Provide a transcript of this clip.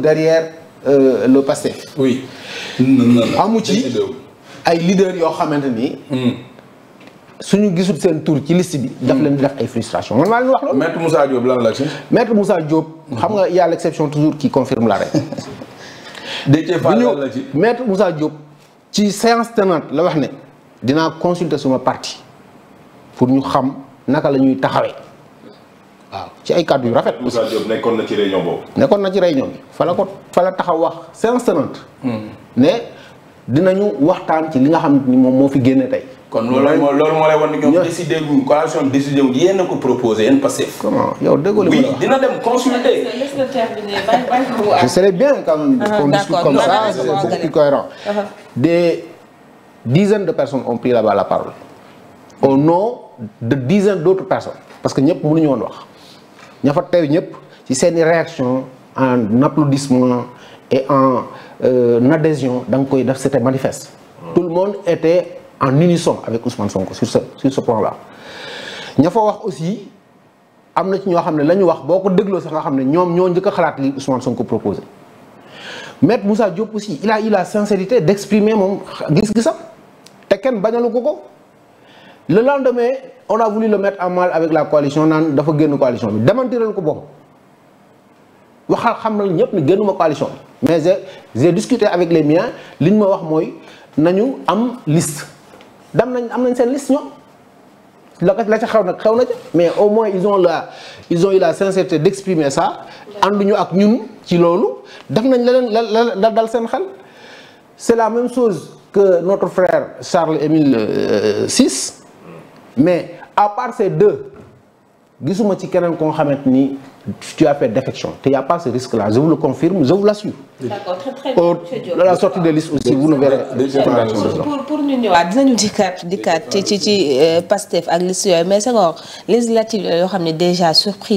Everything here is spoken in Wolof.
derrière euh, le Pastef oui amu ci ay leader yoo xamante ni hmm. suñu gisul seen tour ci listi bi daf hmm. leen def ay frustration man maa leen wax loolu maître Moussa Diop lan la xam nga hmm. yàlla a l'exception toujours qui confirme la règle Déthié Fall lan ci Moussa Diop ci séance tenante la wax ne dinaa consulter suma parti pour ñu xam naka la ñuy taxawee ci ay kàddu yu rafet. Moussa Diop nekkoon na ci réunion boobu. nekkoon na ci réunion bi fa la ko fa la taxaw wax séance ne dinañu waxtaan ci li nga xam ni moom moo fi génne tey. kon loolu moo loolu moo lay wan ni ñoom décidé wu coalition bi décidé a ko proposé yéen Pastef. comment yow déggoo li ma dina dem consulter. c'est bien quand même ah, qu'on discute comme ça c'est beaucoup cohérent. Uh-huh. des dizaines de personnes ont pris la bas la parole au nom de dizaines d'autres personnes parce que ñëpp mënuñu woon wax. ña fa teew ñëpp ci seeni réaction en applaudissement et en euh, adhésion da nga koy def c'était manifeste hmm. tout le monde était en unisson avec Ousmane Sonko sur ce sur ce point là ña fa wax aussi am na ci ñoo xam ne la wax boo ko dégloo sax nga xam ne ñoom ñoo njëkk a xalaat li Ousmane Sonko proposé maître Moussa Diop aussi il a eu la sincérité d'exprimer moom gis-gisam te kenn bañalu ko ko le lendemain on a voulu le mettre en mal avec la coalition naan dafa génn coalition bi démentiral ko boppam xam na ñëpp ni génnuma coalition bi mais j'ai discuté avec les miens li ñu ma wax mooy nañu am liste dam nañ am nañ seen liste ñoom la la ca xew nag xew na ca mais au moins ils ont la ils ont eu la sincérité d'exprimer ça ànduñu ak ñun ci loolu def nañ la leen la dal seen xel c'est la même chose que notre frère Charles Émile euh, six mais à part ces deux gisuma ci keneen ko nga xamante ni tu as fait défection te y' a pas je vous le confirme je vous l' assure. d' la sortie de liste aussi vous nous verrez. pour pour ñu ñëwaat dinañu dikkaat dikkaat ci ci ci euh, mais yoo xam ne déjà surprise.